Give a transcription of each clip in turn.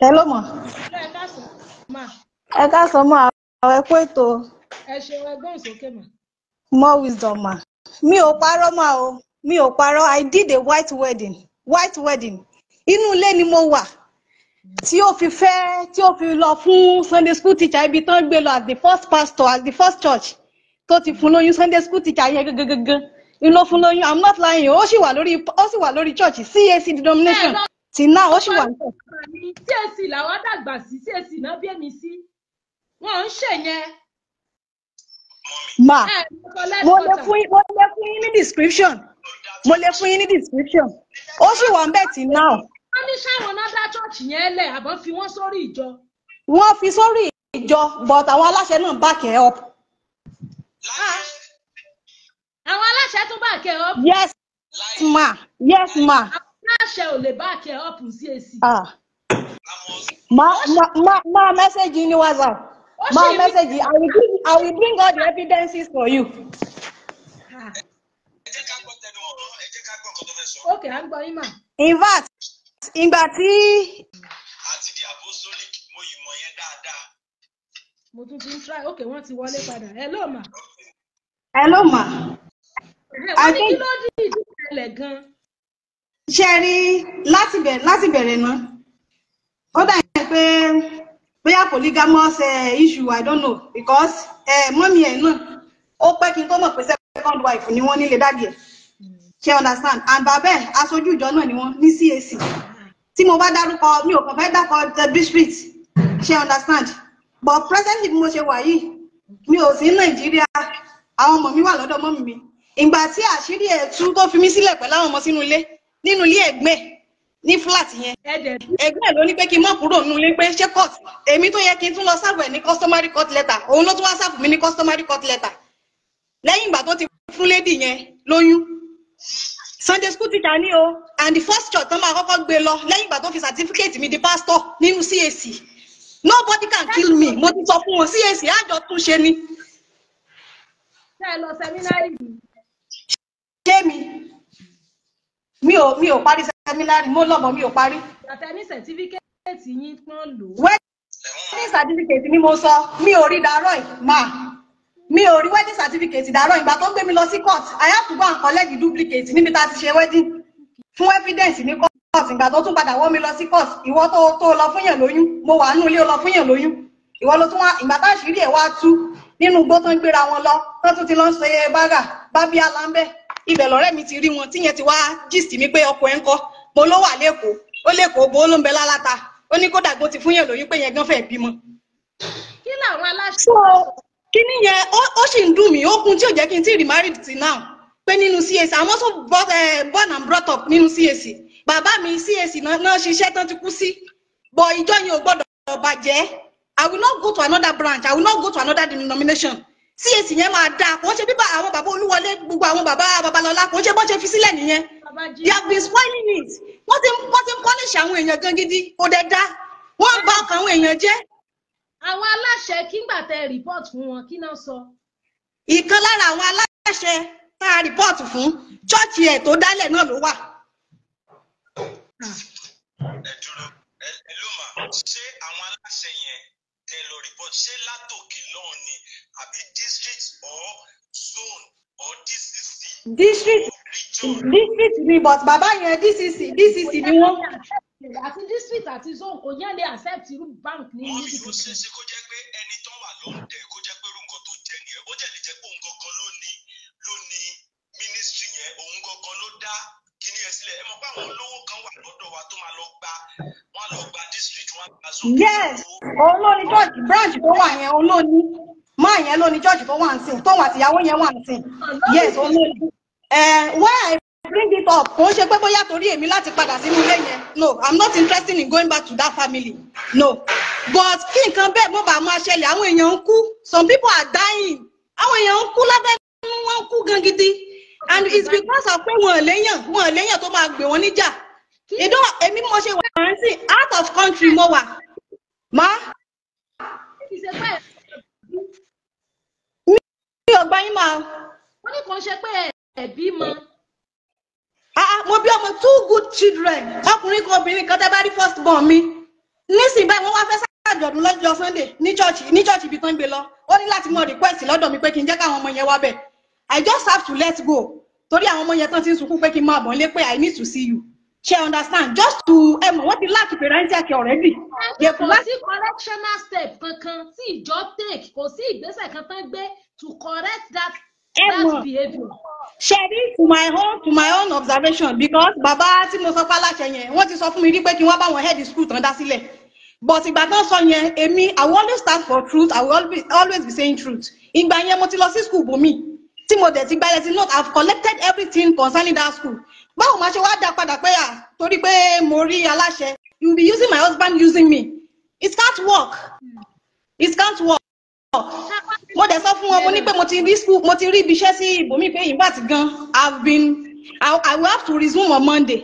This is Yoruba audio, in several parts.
hello ma. ẹ káàsán ma. ẹ káàsán ma àwọn ẹ kú ètò. ẹ ṣeun ẹgbọ́n sókè ma. more wisdom ma. mi ò parọ́ ma o mi i did a white wedding white wedding inú ilé ni mo wà tí o fi fẹ́ tí ó fi lọ fún sunday school teacher ibi tán gbé lọ as the first pastor as the first church tó ti fún lóyún sunday school teacher yẹn gangan gangan ló fún lóyún i'm not lying ó sì wà lórí ó sì wà lórí church cac denomination tí náà ó sì wà níbẹ̀. csc làwọn dàgbà sí csc náà bí èmi sí wọn ò ń ṣèyẹn. ma mo lè fún yín mo lè fún yín ní description mo lè fún yín ní description ó sì wà níbẹ̀ tí náà. wọ́n ní sáwọn náà dá ṣọ́ọ̀ṣì yẹn lẹ̀ àbọ̀ fi wọ́n sórí ìjọ. wọ́n fi sórí ìjọ but àwọn aláṣẹ náà back ẹ̀ up. Ah. àwọn aláṣẹ tún back ẹ̀ up. yes ma yes ma ṣe ò lè back ẹ e up sí èsì. máa mẹ́sẹ̀gì ní whatsapp Ma message. i will bring i will bring all the evidences for you. Ah. ok à ń gbọ́ yín mà. in fact ìgbà tí. àti di apostolic mo ìmọ̀ yẹn dáadáa. mo tún ti ń try ok wọ́n ti wọlé padà hello ma. hello ma. ẹ wọ́n ní kí ló dé ìdí ìṣẹ̀lẹ̀ gan-an ṣe rí láti bẹ̀rẹ̀ láti bẹ̀rẹ̀ náà ó dà yẹn pé bóyá polygamous eh, issue i don't know because eh, mọ́mí ẹ̀ náà ó pẹ́ kí n tó mọ̀ pé second wife ni wọ́n nílé dádì ẹ̀ ṣe understand and bàbá ẹ̀ aṣojú ìjọ náà ni wọ́n ní CAC tí mo bá dárúkọ mi ò kàn fẹ́ dákọ the eh, district ṣe understand but presently bí mo ṣe wà yìí mi ò sí nàìjíríà àwọn ọmọ mi wà lọ́dọ̀ mọ́mí mi ìgbà tí àṣírí ẹ̀ tú tó fi mí sílẹ̀ pẹ̀lú àwọn ọmọ sínú ilé nínú ilé ẹ̀gbẹ́ ní flat yẹn ẹ̀gbẹ́ ló ní pé kí n mọ kúrò nínú ilé pé ṣé court èmi tó yẹ kí n tún lọ sáàbù ẹ ní customary court letter òun ló tún wá sáàbù mi ní customary court letter lẹ́yìn ìgbà tó ti fún lady yẹn lóyún Sunday school teacher ni o and the first church tán máa kọ́kọ́ gbé lọ lẹ́yìn ìgbà tó fi certificate mi di pastor nínú CAC nobody can kill me mo ti sọ fún wọn CAC àjọ tún ṣe ni. ṣé ẹ lọ sẹmínárì mi. ṣé mi mi ò mi ò parí sẹ́mínárì mo lọ́mọ mi ò parí. bàtà ní sẹ̀tífíkẹ́ẹ̀tì yín pọ́n lò. wedding certificate ni mo sọ mi ò rí dàrọ́ ẹ̀ máa mi ò rí wedding certificate dàrọ́ ìgbà tó ń gbé mi lọ sí court I have to go and collect the duplicate níbi tá a ti ṣe wedding fún evidence ní court ìgbà tó tún padà wọ́ mi lọ sí court ìwọ tó tó lọ fún yàn lóyún mo wà nínú ilé ó lọ fún yàn lóyún ìwọ ló tún wá ìgbà tá àṣírí ẹ̀ wá tú nínú igbó tó ń gbéra wọn lọ tó tún ti lọ ń ṣe bága bábí alámbẹ́ ibẹ̀ lọ́rẹ́ mi ti rí wọn tíyẹn ti wá gist mi pé ọkọ ẹ̀ ń kọ́ mo ló wà lẹ́kọ̀ọ́ ó lẹ́kọ̀ọ́ bó ló ń bẹ láláta ó ní kódà gbó ti fún yẹn lóyún pé yẹn gan fẹ́ bímọ. kí làwọn aláṣẹ. kí nìyẹn ó sì ń dùn mí ó tí ò jẹ́ kí n ti remarried till now pé nínú CAC àwọn tó born and brought up nínú CAC bàbá mi CAC náà ṣiṣẹ́ tán ti kú sí bọ̀ ìjọ yẹn ò gbọ́dọ̀ bàjẹ́ I will not go to another branch I will not go to another denomination tí èsì yẹn máa dáa kò ń ṣe bíbá àwọn bàbá olúwọlé gbogbo àwọn bàbá babalọlá kò ń ṣe bọ́n ṣe fi sílẹ̀ nìyẹn they have been spoiling it wọ́n ti wọ́n ti pọ́líṣì àwọn èèyàn gan gidi kò dẹ̀ dá wọ́n bà ọkàn àwọn èèyàn jẹ́. àwọn aláṣẹ kígbà tẹ report fún wọn kí náà sọ. ìkan lára àwọn aláṣẹ tá a report fún ṣọ́ọ̀ṣì ẹ̀ tó dálẹ̀ náà ló wà. ẹ dúró ẹ ló mà ṣé àwọn aláṣẹ yẹn kẹ́ lọ report ṣé látòkè lọ́hùn ni àbí district or zone or DCC. district district ni but bàbá yẹn DCC DCC ni wọ́n. àti district àti zone kò yẹn lè accept irú bank ní. wọ́n yóò ṣe ṣe kó jẹ́ pé ẹni tó wà lóńdẹ̀ kó jẹ́ pé irú tó jẹ́ nìyẹn ó jẹ́ jẹ́ pé òun gangan ló ní ministry yẹn òun gangan ló dá yẹn sílẹ̀ ẹ mọ̀ pé àwọn olówó kan wà lọ́dọ̀ wa tó máa lọ gba wọn lọ gba district wọn gba zone. yes òun ló ní church branch tó wà yẹn òun ló ní má yẹn ló ní church tó wà ń sìn tóun àtìyàwó yẹn wà ń yes òun ló ní. why I bring it up kò ń ṣe pé bóyá torí èmi láti padà sínú ilé yẹn no I'm not interested in going back to that family no but kí nǹkan bẹ́ẹ̀ mo bá máa ṣẹlẹ̀ àwọn èèyàn ń kú some people are dying àwọn èèyàn ń kú lábẹ́ wọn ń kú gan and it's because of pé wọn ò léyàn wọn ò léyàn tó máa gbé wọn níjà ìdó èmi mo ṣe wà rántí out of country mo wà má. mi ò gbá yín máa. wọ́n ní kò ń ṣe pé ẹ̀bí mọ. Ah, ah, mo bí ọmọ two good children ọkùnrin kan obìnrin kan tẹ́ bá rí first born mi nísìnyí báyìí wọ́n wá fẹ́ sá àjọ̀dún lọ́jọ́ sunday ní church ní church ibi tán gbé lọ ó ní láti mọ request lọ́dọ̀ mi pé kí n jẹ́ káwọn ọmọ yẹn wá bẹ̀ i just have to let go torí àwọn ọmọ yẹn tán ti ń sunkún pé kí n máa bọ̀ nílé pé i need to see you ṣe understand just to ẹ mọ̀ wọ́n ti láti parental care already. ẹ kò sí correctional step kankan tí ìjọ take kò sí ìgbésẹ̀ kan tán gbé to correct that that behaviour. ṣẹ̀rí to my own to my own observation because Baba, tí mo sọ pé aláṣẹ yẹn wọ́n ti sọ fún mi rí pé kí wọ́n bá wọn head school tán dá sílẹ̀ but ìgbà tán sọ yẹn èmi i will always stand for truth i will always be saying truth ìgbà yẹn mo ti lọ sí school bòmíì tí mo dẹ̀ ti gbálẹ̀ sí not I've collected everything concerning that school báwo máa ṣe wá dá padà pé à torí pé mo rí aláṣẹ you be using my husband using me it can't work it can't work mo dẹ̀ sọ fún wọn mo ní pé mo ti rí school mo ti rí ibi iṣẹ́ sí ibòmí pé in fact gan I've been I, I will have to resume on Monday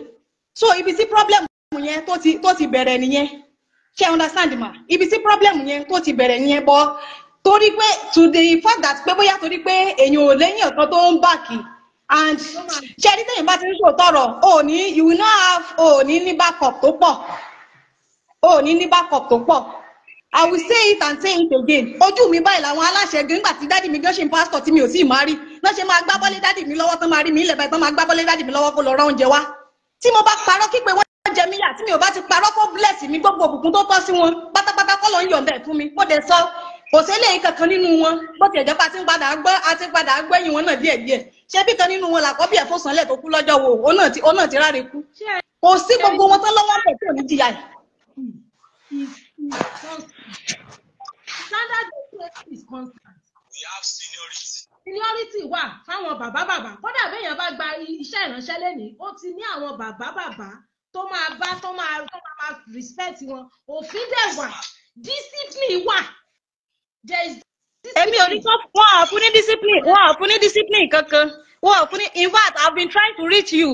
so ibi tí problem yẹn tó ti tó ti bẹ̀rẹ̀ nìyẹn ṣe understand ma ibi tí problem yẹn tó ti bẹ̀rẹ̀ nìyẹn bọ́ torí pé to the fact that pé bóyá torí pé èèyàn ò lẹ́yìn ọ̀kan tó ń bàkì and ṣe ẹni tẹ̀yìn bá ti ń ṣòtọ̀rọ̀ o ní you will not have o ò ní ní backup tó pọ̀ o ò ní ní backup tó pọ̀ I will say it and say it again ojú mi báyìí làwọn aláṣẹ gan nígbà tí dádì mi gan ṣe ń pásítọ̀ tí mi ò sì máa rí náà ṣe máa gbá bọ́lé dádì mi lọ́wọ́ tán máa rí mi ilẹ̀ báyìí tán máa gbá bọ́lé dádì mi lọ́wọ́ kó lọ rọ oúnjẹ wá tí mo bá parọ́ kí pé wọ́n jẹ mí yà tí mi ò bá ti parọ́ kó bless mi gbogbo òbùkún tó tọ́ sí wọn pátápátá kọ́ ló ń yọ̀ǹda ẹ̀ fún mi mo dẹ̀ sọ kò sẹ́lẹ̀ kankan nínú wọn bó tiẹ̀ jẹ́ pé ti ń padà gbọ́ a ti padà gbẹ́yìn wọn náà díẹ̀ ṣé bí kan nínú wọn làkọ́bí ẹ̀fọ́ sanlẹ̀ tó kú lọ́jọ́ wo òun náà ti òun náà ti ráre kú kò sí gbogbo wọn tán lọ́wọ́ pẹ̀ tó ní yìí. standard we have seniority. seniority wà fáwọn bàbá bàbá kódà béèyàn bá gba iṣẹ́ ìránṣẹ́ lẹ́nìí ó ti ní àwọn bàbá bàbá tó máa bá tó máa respect wọn òfin dẹ̀ wà discipline wà Emi, ò ní kọ́ wọn à fún ní discipline wọn à fún discipline kankan wọn à fún in fact I've been trying to reach you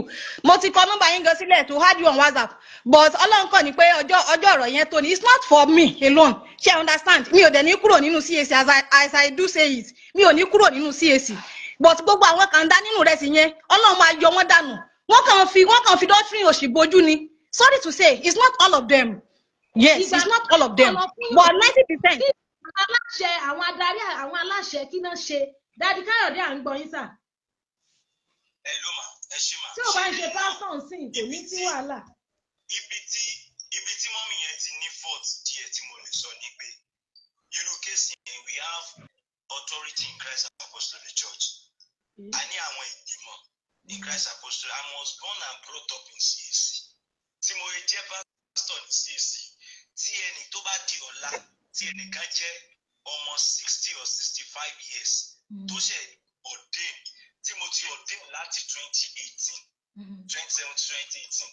mo ti kọ nọ́mbà yín gan sílẹ̀ to add you on whatsapp but ọlọ́run kàn ní pé ọjọ́ ọjọ́ ọ̀rọ̀ yẹn tó ni it's not for me alone She understand mi ò dẹ̀ ní kúrò nínú CAC as i as i do say it mi ò ní kúrò nínú CAC but gbogbo àwọn kan dá nínú rẹ̀ sí yẹn ọlọ́run máa yọ wọ́n Danu. wọ́n kàn fi wọ́n kàn fi doctrine òṣì ni sorry to say it's not all of them yes it's not all of them but ninety percent aláṣẹ àwọn adarí àwọn aláṣẹ kí náà ṣe dádì káyọ̀dé à ń gbọ́ yín sà. ẹ ló mà ẹ ṣe mà. tí ò bá ń ṣe pásítọ̀ nsìn kò ní sí wàhálà. ibi tí ibi tí mọ́mì yẹn ti ní fault díẹ̀ tí mo lè sọ ni pé irú kéèsì yẹn we have authority in Christ Apostolic Church. Hmm. a ní àwọn ìgbìmọ̀ in hmm. Christ Apostolic I was born and brought up in CAC tí mo jẹ́ pásítọ̀ ní CAC tí ẹni tó bá di ọ̀la tí ẹnìkan jẹ́ ọmọ sixty or sixty five years mm. tó ṣe ordain tí mo ti ordain láti twenty eighteen mm-hmm. twenty seventeen twenty eighteen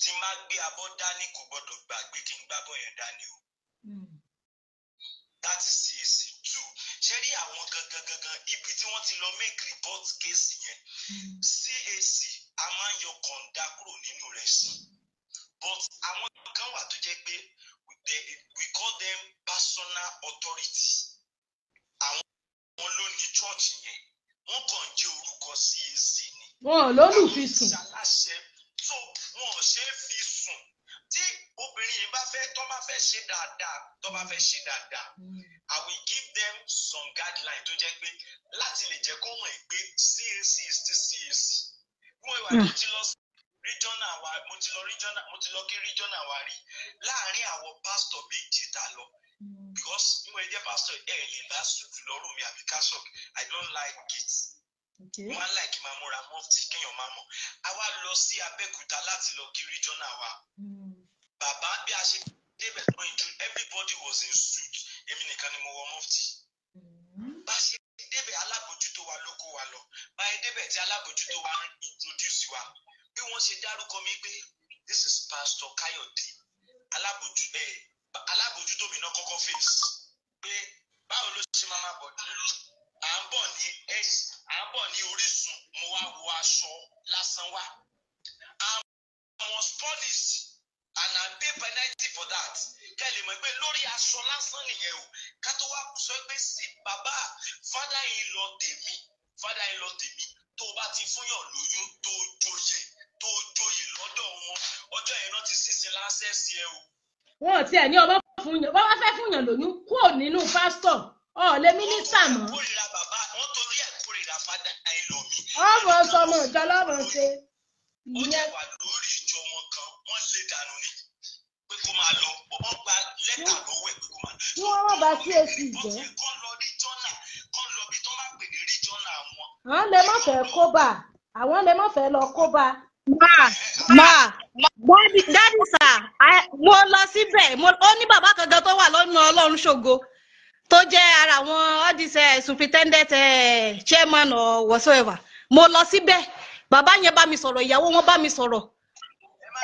tí má gbé abọ́ dání kò gbọ́dọ̀ gbàgbé kí n gbábọ́ yẹn dání o mm. that is èsì jù ṣe rí àwọn gangan gangan ibi tí wọ́n ti lọ make report case yẹn CAC mm. a máa ń yọ kọ̀ǹda kúrò nínú rẹ̀ sí but àwọn kan wà tó jẹ́ pé they, we call them personal authority àwọn ló church yẹn wọ́n kàn jẹ́ orúkọ CAC ni. wọn ò lólùfin sùn. àwọn ìṣàlàṣẹ tó wọn ò ṣe é fi sùn tí obìnrin yìí bá fẹ́ tó bá fẹ́ ṣe dáadáa tó bá fẹ́ ṣe dáadáa I will give them some guidelines. tó jẹ́ pé láti lè jẹ́ kó mọ̀ pé CAC is still CAC. wọ́n ìwà tó hmm. ti lọ sí regional wa mo ti lọ regional mo ti lọ kí regional wa rí láàárín àwọn pastor méje tá a lọ mm. because níwọ̀n ẹ jẹ́ pastor ẹ lè bá sùkú lọ́rùn mi àbí kásọ̀ i don't like it wọ́n á láìkí máa múra mọ́tì kéèyàn máa mọ̀ a wá lọ sí Abẹ́òkúta láti lọ kí regional wa mm. bàbá bí a ṣe débẹ̀ tó ń ju everybody was in suit èmi nìkan ni mo wọ mọ́tì mm. bá a ṣe débẹ̀ alábòjútó wa ló kó wa lọ bá a débẹ̀ tí alábòjútó wa introduce wa bí wọ́n ṣe dárúkọ mi pé this is pastor Kayode alábòjú ẹ alábòjútó mi náà kọ́kọ́ fèsì pé báwo ló ṣe máa bọ̀ ní à ń bọ̀ ní à ń bọ̀ ní Orísun mo wá wo aṣọ lásán wá I was and I pay penalty for that kẹ́lẹ̀ mọ̀ pé lórí aṣọ lásán nìyẹn o ká wá sọ pé sí bàbá father in law tèmi father in law tèmi tó o bá ti fúnyàn lóyún tó o jòyè tó joyè lọ́dọ̀ wọn ọjọ́ yẹn náà ti sísin láṣẹ́sì ẹ o. wọn ò tiẹ̀ ní ọba fún yàn bọ́wọ́ fẹ́ fún lóyún kúrò nínú pásítọ̀ ọ̀ọ́lẹ̀ mínísítà mọ́. wọ́n torí ẹ̀ kórìíra fada ẹlòmí. ọmọ sọmọ ìjọ lọ́mọ ṣe. ó ti wà lórí ìjọ wọn kan wọ́n lè dànù ni pé kó máa lọ wọ́n gba lẹ́tà lọ́wọ́ ẹ̀ pé kó máa lọ. wọ́n má sí èsì ìjẹ́. àwọn. lè má fẹ́ kó bá àwọn lè má fẹ́ lọ kó bá ma ma dádì dádì sà mo lọ síbẹ̀ ó ní bàbá kan gan tó wà lọ́nà ọlọ́run ṣògo tó jẹ́ ara àwọn all this uh, superintendent eh, chairman or whatsoever mo lọ síbẹ̀ bàbá yẹn bá mi sọ̀rọ̀ ìyàwó wọn bá mi sọ̀rọ̀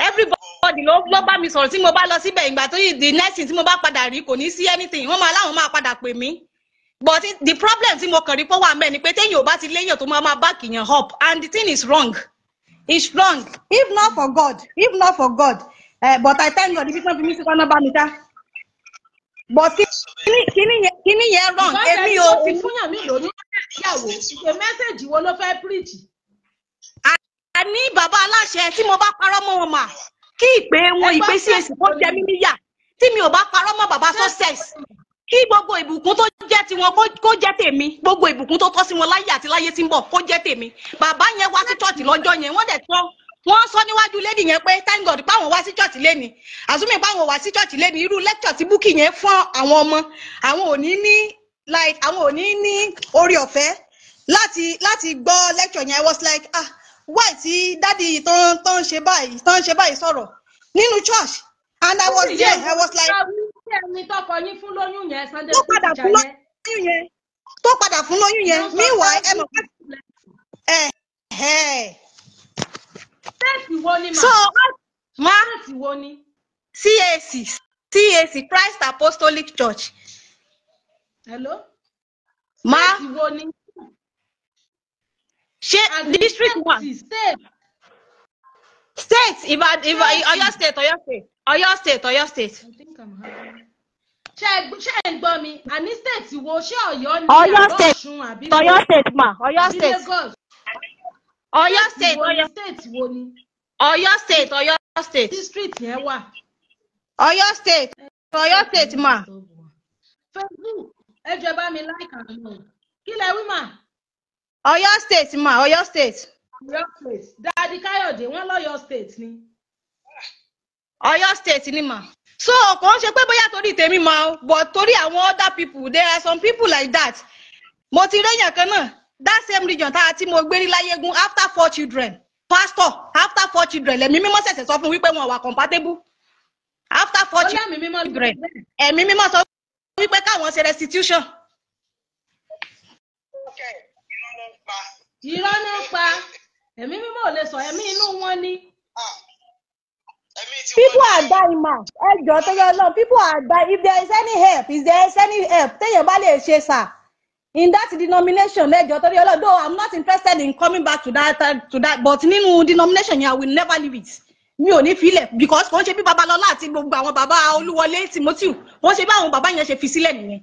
everybody ló ló bá mi sọ̀rọ̀ tí mo bá lọ síbẹ̀ ìgbà tó yìí the nursing tí mo bá padà rí kò ní sí anything wọ́n máa láwọn máa padà pè mí but the problem tí mo kàn rí pọ́wọ́ àmẹ́ ni pé téèyàn ò bá ti léèyàn tó máa máa bá kìyàn up and the thing is wrong. It's wrong. If not for God, if not for God. Uh, but I thank God, if it's not for me, it's not about me. But kíní yẹn kíní yẹn wrong. Èmi ò ti fúnyàn mi lórí ìyàwó. Ṣé mẹ́sẹ̀jì wo ló fẹ́ píríjì? Àní bàbá aláṣẹ tí mo bá parọ́ mọ́ wọn mà kí ìpè wọn ìpè sí èsì kó jẹ mí níyà tí mi ò bá parọ́ mọ́ bàbá success kí gbogbo ìbùkún tó jẹ́ tiwọn kó jẹ́ tèmi gbogbo ìbùkún tó tọ́ sí wọn láyé àti láyé tí ń bọ̀ kó jẹ́ tèmi bàbá yẹn wá sí chọ́ọ̀tì lọ́jọ́ yẹn wọ́n dẹ̀ tọ́ wọ́n sọ níwájú lédi yẹn pé thank God páwọn wá sí chọ́ọ̀tì lẹ́ni àsúnmí páwọn wá sí chọ́ọ̀tì lẹ́ni irú lẹ́kítọ̀ tí búkì yẹn fún àwọn ọmọ àwọn ò ní ní like àwọn ò ní ní orí ọ̀fẹ́ láti láti gbọ́ lẹ́kítọ̀ yẹn I was like ah why ti dádì tó ń ṣe báyìí tó ń ṣe báyìí sọ̀rọ̀ nínú church and I was there I was like ẹni tọkọ yín fún lóyún yẹn Sunday tó padà fún lóyún yẹn tó padà fún lóyún yẹn míwà ẹ mọ̀ pé ẹ. ṣéèsì wo ni màá ṣéèsì wo ni. CAC CAC Christ Apostolic Church. Hello. Ma ṣéèsì wo ni. Ṣé district one? State. State Ìbàdàn Ọ̀yọ́ State Ọ̀yọ́ State. Ọ̀yọ́ state Ọ̀yọ́ state. ṣé ẹ ń gbọ́ mi àní state wo ṣé Ọ̀yọ́ ni Ọ̀yọ́ state Ọ̀yọ́ state ma Ọ̀yọ́ state Ọ̀yọ́ state Ọ̀yọ́ state wo ni. Ọ̀yọ́ state Ọ̀yọ́ state. district yẹn wà. Ọ̀yọ́ state Ọ̀yọ́ state ma. Facebook ẹ bá mi like and love kí lẹ wí mà. Ọ̀yọ́ state ma Ọ̀yọ́ state. Ọ̀yọ́ state Daddy Káyọ̀dé wọ́n lọ́yọ̀ state ni. Ọ̀yọ́ state ni mà so kò ń ṣe pé bóyá torí tèmi mà o but torí àwọn other people there are some people like that mo ti réyàn kan náà that same region tá a ti mo gbé rí láyégún after four children pastor after four children lẹ̀mí mímọ́ ṣẹ̀ṣẹ̀ sọ fún wípé wọn wà compatible after four children ẹ̀mí mímọ́ sọ wípé káwọn ṣe restitution. irọ́ ló ń pa ẹ̀mí mímọ́ ò lè sọ ẹ̀mí inú wọn ni people are dying ma ẹ jọ tẹyọ lọ people are dying if there is any help if there is any help téèyàn bá lè ṣe sà in that denomination lẹjọ torí Ọlọ́run though i'm not interested in coming back to that to that but nínú denomination yẹn i will never leave it mi ò ní filẹ̀ because wọ́n ṣe bí babalọ́lá àti gbogbo àwọn baba olúwọlé timothy wọ́n ṣe bí àwọn baba yẹn ṣe fi sílẹ̀ nìyẹn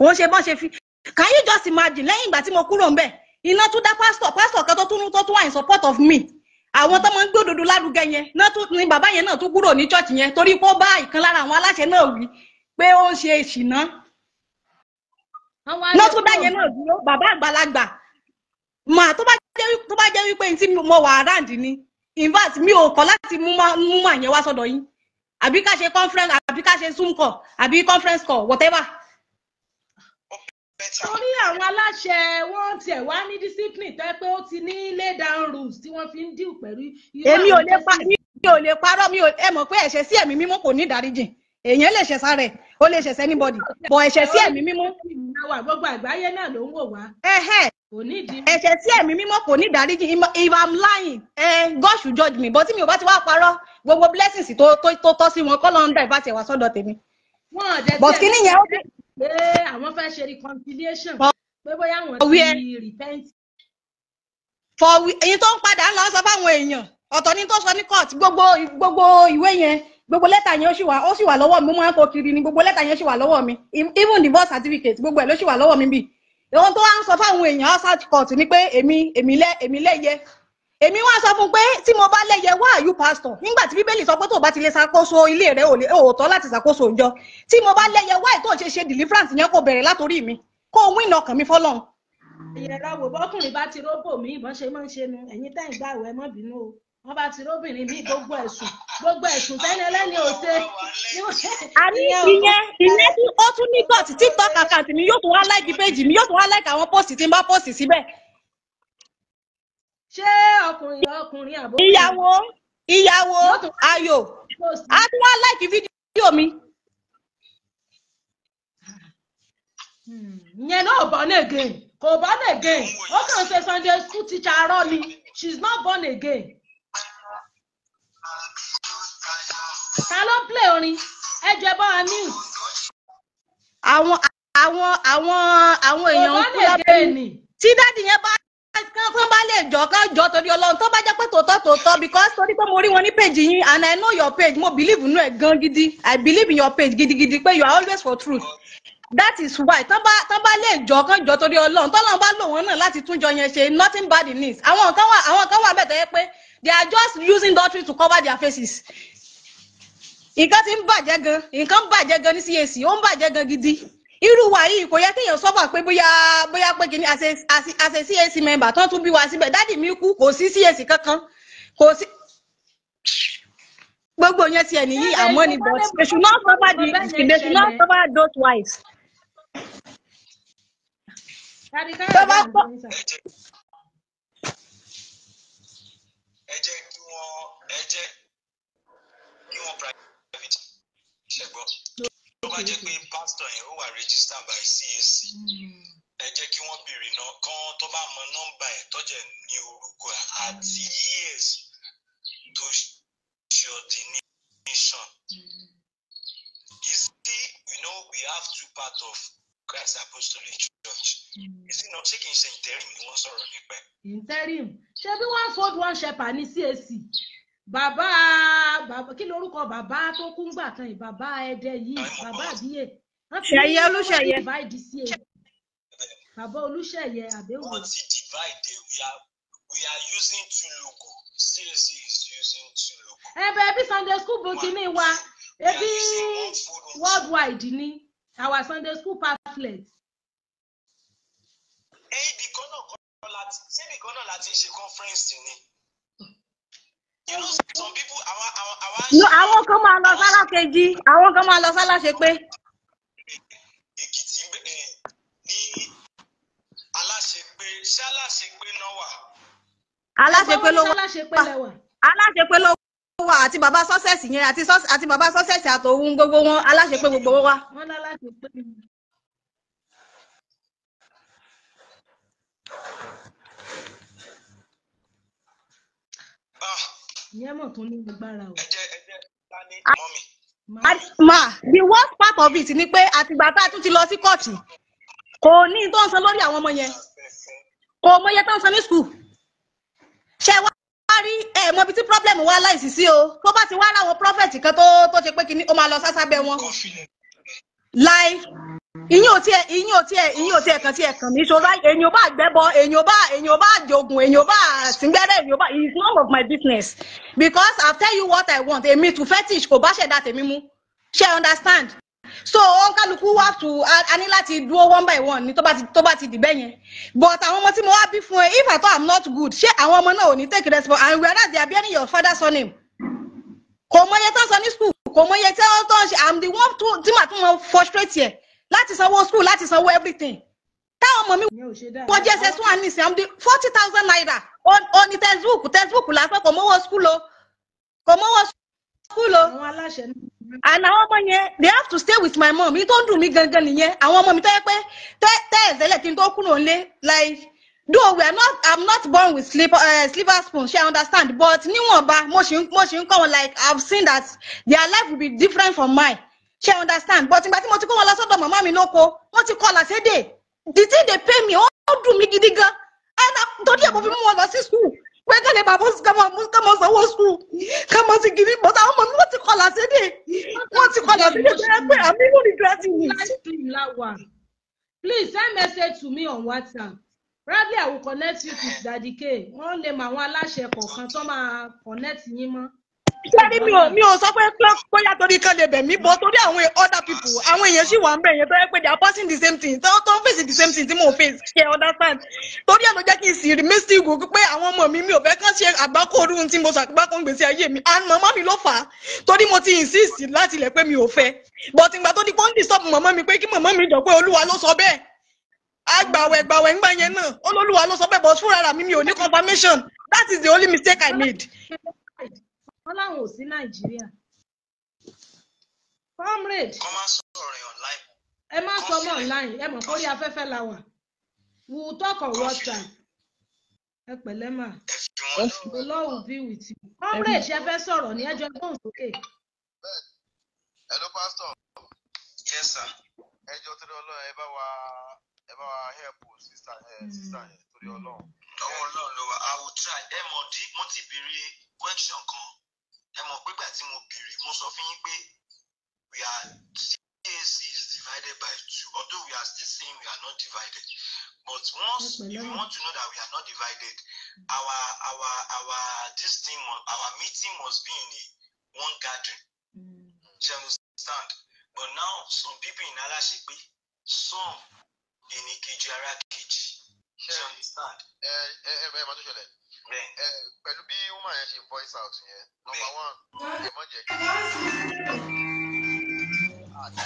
wọ́n ṣe bọ́n ṣe fi can you just imagine lẹ́yìn ìgbà tí mo kúrò ń bẹ̀ iná tún dá pastor, pásítọ̀ kan tó tó tún wà in support of me àwọn tó máa ń gbé òdodo lárugẹ yẹn ni bàbá yẹn náà tún kúrò ní church yẹn torí pé ó bá ìkan lára àwọn aláṣẹ náà wí pé ó ń ṣe ìṣìná lọ́tún dá yẹn náà dúró bàbá àgbàlagbà mà tó bá jẹ́ wípé tí mo wà around ni in fact mi ò kọ́ láti mú mà yẹn wá sọ́dọ̀ yín àbí ká ṣe conference àbí ká ṣe zoom call àbí conference call whatever torí àwọn aláṣẹ wọn tiẹ̀ wá ní discipline tó pé ó ti ní lay down rules tí wọ́n fi ń deal pẹ̀lú. èmi ò lè pa mi ò lè parọ́ mi ò mọ̀ pé ẹ̀ṣẹ̀ sí ẹ̀mí mímọ́ kò ní ìdáríjìn èèyàn lè ṣẹ̀ṣà rẹ̀ ó lè ṣẹ̀ṣẹ̀ anybody bọ̀ ẹ̀ṣẹ̀ sí ẹ̀mí mímọ́. gbogbo àgbáyé náà ló ń wò wá. ẹ̀ṣẹ̀ sí ẹ̀mí mímọ́ kò ní ìdáríjìn if i'm lying eh, God should judge me but mi ò bá ti wá parọ́ gbogbo blessings tó tọ́ sí wọn kọ́ ló ń dá ìbátẹ̀ wá sọ́dọ̀ tèmi. But wọn ò dẹ̀ tí ẹ̀ pé àwọn fẹ́ ṣe reconciliation pé bóyá àwọn ti repent. for èyí tó ń padà ń lọ sọ fáwọn èèyàn ọ̀tọ̀ ni tó sọ ní court gbogbo gbogbo ìwé yẹn gbogbo lẹ́tà yẹn ó sì wà ó sì wà lọ́wọ́ mi mo máa ń kó kiri ni gbogbo lẹ́tà yẹn sì wà lọ́wọ́ mi even divorce certificate gbogbo ẹ̀ ló sì wà lọ́wọ́ mi bì ohun tó wá ń sọ fáwọn èèyàn outside court ni pé èmi èmi lẹ èmi lẹ́yẹ èmi wá sọ fún pé tí mo bá lẹ́yẹ wá àyù pásítọ̀ nígbà tí bíbélì sọ pé tó o bá ti lè ṣàkóso ilé rẹ ò tọ́ láti ṣàkóso òjọ tí mo bá lẹ́yẹ wá ètò ìṣe ṣe deliverance yẹn kò bẹ̀rẹ̀ látòrí mi kó o wíìnà ọkàn mi fọ́lọ́run. ìyẹ̀rọ wò bọ́kùnrin bá ti róbò mí ìbọn ṣe máa ń ṣe nu ẹ̀yin tẹ́ ìgbà wẹ̀ mọ́ bínú o wọ́n bá ti róbìnrin mí gbogbo ẹ̀sùn gbogbo ẹ̀sùn sẹ́ni ẹlẹ́ni ò ṣe. àní ìyẹn ìyẹn tí ó tún ní gọ́ọ̀tì tiktok account mi yóò tún wá láìkì péjì mi yóò tún wá láìkì àwọn póòsì tí n bá póòsì síbẹ̀ ṣé ọkùnrin ọkùnrin àbó. ìyàwó ìyàwó ayò adúlá láìkí fídíò mi. Hmm, yẹn náà born again kò born again ó kàn ṣe Sunday school teacher arọ ni she is not born again. ta ló ń play orin ẹ jẹ bá a ní. àwọn àwọn àwọn àwọn èèyàn ń kú lábẹ́ mi tí dáàdì yẹn bá kán tán bá lè jọ kán jọ torí Ọlọ́run tó bá jẹ́ pé tòótọ́ tòótọ́ because torí pé mo rí wọn ní page yín and I know your page mo believe nínú ẹ̀ gan gidi I believe in your page gidigidi pé you are always for truth that is why tán bá tán bá lè jọ kán jọ torí Ọlọ́run tọ́lọ́run bá lò wọ́n náà láti túnjọ yẹn ṣe nothing bad in this. àwọn kan wà àwọn kan wà bẹ́ẹ̀ tó yẹ pé they are just using doctrine to cover their faces nǹkan ti ń bàjẹ́ gan nǹkan ń bàjẹ́ gan ní CAC ó ń bàjẹ́ gan gidi irú wa yìí kò yẹ kéèyàn sọ́fà pé bóyá bóyá pé kìíní àṣẹ CAC member tó tún bí wa síbẹ̀ dádì mi kú kò sí CAC kankan kò sí gbogbo yẹn tiẹ̀ nìyí àmọ́ ni but they should not cover the they should not cover those wives. ẹ jẹ́ kí wọ́n ẹ jẹ́ kí wọ́n private ṣẹ̀gbọ́n tó bá jẹ́ pé pásítọ̀ yẹn ó wà registered by CAC hmm. ẹ jẹ́ kí wọ́n béèrè náà kan tó bá mọ nọ́mbà ẹ̀ tọ́jẹ̀ ní orúkọ àti hmm. years tó ṣe ordination. Hmm. You see, you know, we have two part of Christ Apostolic Church. Is it not ṣé kì ṣe interim ni wọ́n sọ̀rọ̀ nípa ẹ̀? Interim. Ṣé bí wọ́n sold one shepherd ní CAC? bàbá bàbá kí lorúkọ bàbá tó kún gbà kan yìí bàbá ẹdẹ yìí bàbá àbíyè ṣẹyẹ olúṣẹyẹ bàbá olúṣẹyẹ àbẹ̀wò. wọ́n ti divide we are we are using two logos. CAC is using two logos. ẹ bẹ ẹbí sunday school bó kíní wa ẹbí worldwide ni our sunday school pamphlet. èdè kan náà kọ́ láti ṣébì kan náà láti ṣe conference ni. You know, some people, our, our, our, no, àwọn kan máa lọ sálákejì àwọn kan máa lọ sáláṣepé èkìtì ní aláṣepé ṣé aláṣepé náà wà. aláṣepé ló wà aláṣepé ló wà àti bàbá sọ́sẹ̀sì yẹn àti bàbá sọ́sẹ̀sì àtòun gbogbo wọn aláṣepé gbogbo wọn wà. Ah. ìyẹn mọ̀ tó ní agbára o. ẹ jẹ́ ẹ jẹ́ ta ni mọ́mì ma the worst part of it ni pé àtìgbà tá a tún ti lọ sí kóòtù kò ní tó ń san lórí àwọn ọmọ yẹn kò mọye tó ń san ní skul ṣe wá rí ẹ mọ ibi tí problem wà láìsí sí o tó bá ti wá láwọn prophet kan tó tó ṣe pé kí ni ó máa lọ sásábẹ wọn like ìyín ò tiẹ̀ ìyín ò tiẹ̀ ìyín ò tiẹ̀ kàn tiẹ̀ kàn mí ṣọlá èyàn ò bá gbẹ́bọ èyàn ò bá èyàn ò bá jogun èyàn ò bá sìngbẹ́rẹ́ èyàn ò bá it's none of my business because i tell you what i want èmi to fetish kò bá ṣẹ̀dá tèmi mú ṣe understand so ọ̀nkálukú wà tù a ní láti dúró one by one ní tó bá ti tó ti dìbẹ́ yẹn but àwọn ọmọ tí mo wá bí fún ẹ if I all i'm not good ṣé àwọn ọmọ náà ò ní take response and are they are bearing your father's surname kò mọ iye tó sọ ní school kò mọ iye tó ń ṣe i'm the one tí màá tún mọ frustrate yẹn láti sanwó school láti sanwó everything táwọn ọmọ mi wọ jẹsẹ sún àníṣe àmì forty thousand naira ó ní textbook textbook lásán kò mówó school o kò mówó school o and àwọn ọmọ yẹn they have to stay with my mom mi tó ń dùn mí gangan nìyẹn àwọn ọmọ mi tó yẹ pé tẹ ẹ̀sẹ̀lẹ̀ kí n tó kúrò nílé like though we are not i'm not born with slip, uh, silver spoon she understand but níwọ̀nba mo ṣì ń kọ́ wọn like i've seen that their life will be different from mine She understand but ìgbà tí mo ti kó wọn lọ sọ́dọ̀ màmá mi lóko wọ́n ti kọ́ làṣẹ́dè the thing dey pain me ó dùn mí gidi gan ẹ̀dá torí ẹ̀ mo fi mú wọn lọ sí school wẹ́gẹ́ ni bàbá oṣù kàmọ́ oṣù kàmọ́ sanwó school kàmọ́ sí gidi but àwọn ọmọ mi wọ́n ti kọ́ làṣẹ́dè wọ́n ti kọ́ làṣẹ́dè bẹ́ẹ̀ pé àmì ìwọ̀n regretting me. please send message to me on WhatsApp probably I will connect you to Daddy K One day my one aláṣẹ kọ̀ọ̀kan tó máa connect yín mọ́ sẹ́ni mi ò mi ò sọ pé bóyá torí kan lè bẹ̀ mí bọ́ torí àwọn other people àwọn èèyàn sì wà ń bẹ̀ yẹn tó yẹ pé they are passing the same thing tó tó face the same thing tí mò ń face kí ẹ understand torí ẹ̀ ló jẹ́ kí n sì rí mystic wò pé àwọn ọmọ mi mi ò fẹ́ kán ṣe àgbákò orun tí mo ṣàgbákò ń gbèsè ayé mi and màmá mi ló fà á torí mo ti insist láti ilẹ̀ pé mi ò fẹ́ but ìgbà tó di pọ́ńdì sọ́ọ̀bù Mama, mi pé kí màmá mi jọ pé olúwa ló sọ bẹ́ẹ̀ agbàwẹ̀ gbàwẹ̀ ńgbà yẹn náà olólùwà ló sọ bẹ́ẹ̀ but fúnra mi mi ò ní confirmation that is the only mistake I made wọ́n comrade ẹ má sọ ọmọ online ẹ mọ̀ kórí afẹ́fẹ́ la wà we will talk on WhatsApp ẹ pẹ̀lẹ́ mà the Lord will be ṣe fẹ́ sọ̀rọ̀ ní ẹjọ́ ẹgbọ́n sókè. hello pastor. yes sir. ẹjọ́ torí ọlọ́run ẹ bá wa ẹ bá wà i will try ẹ mọ̀ pé gbà tí mo bèrè mo sọ fún yín pé we are CAC is divided by two although we are still saying we are not divided but once if you want to know that we are not divided our our our this thing our meeting must be in a one gathering mm. you understand but now some people in Alashepe some in Ikeji Arakeji you understand. ẹ ẹ ẹ máa tó ṣẹlẹ̀ pẹ̀lú bí woman yẹn ṣe voice out yẹn number one ẹ jẹ́ from the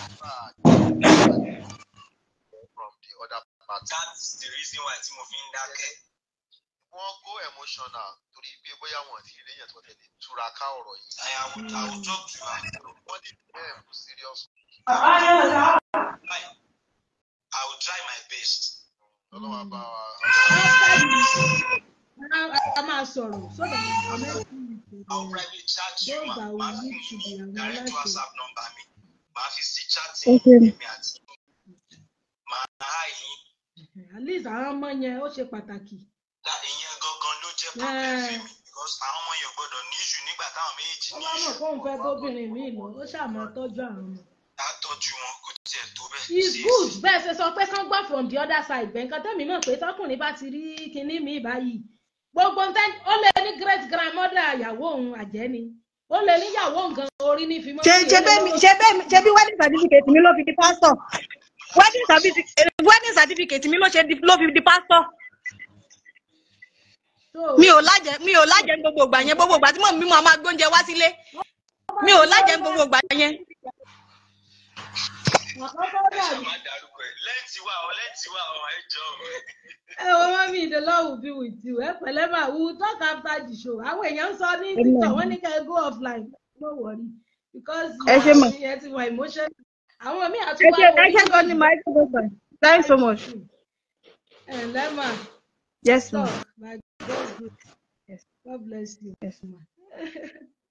other part. that the reason why tí mo fi ń dákẹ́. wọ́n go emotional torí pé bóyá wọn ti rí èèyàn tó tẹ̀lé túraká ọ̀rọ̀ yìí. I will I will talk to you. wọ́n lè bẹ́ẹ̀ mú serious. I will try my best. ọlọ́wọ́ bá wa a máa sọ̀rọ̀ sọ́dọ̀ dọ́gba orí àwọn ọmọ yẹn ó ṣe pàtàkì. ìyẹn gangan ló jẹ́ problem àwọn ọmọ yẹn gbọ́dọ̀ ní ìṣù nígbà táwọn méjì ní ìṣù. ó fóun fẹ́ bóbìnrin mi lọ ó ṣàmọ́ tọ́jú àwọn ọmọ. a wọn kò tiẹ̀ tó bẹ́ẹ̀. it's good bẹ́ẹ̀ ṣe sọ pé kán gbọ́ from the other side bẹ́ẹ̀ nǹkan tẹ́mi náà pé tọkùnrin bá ti rí kinní mi báyìí gbogbo ntẹ ó lè ní great grandmother ìyàwó òun àjẹ́ ni ó lè níyàwó nǹkan orí ní fimọ́. ṣe ṣe bẹ́ẹ̀ mi ṣe bẹ́ẹ̀ mi ṣe bí wedding certificate mi ló fi di pastor wedding certificate wedding certificate mi ló ṣe ló fi di pastor. mi ò lájẹ mi ò lájẹ gbogbo ìgbà yẹn gbogbo ìgbà tí mò ń bímọ máa gbóúnjẹ wá sílé mi ò lájẹ gbogbo ìgbà yẹn àkọ́kọ́ dàbí. the Lord will be with you ẹ pẹ̀lẹ́ we will talk after the show àwọn èèyàn sọ ní títọ̀ wọ́n ní ká ẹ go offline no worry because you are ṣe ti wà emotion. I míì àtúwà wọ. ẹ ṣe gan ni màá ṣe gbogbo thanks so much. ẹ lẹ́mà. yes ma'am. so my God bless yes God bless you. yes ma'am.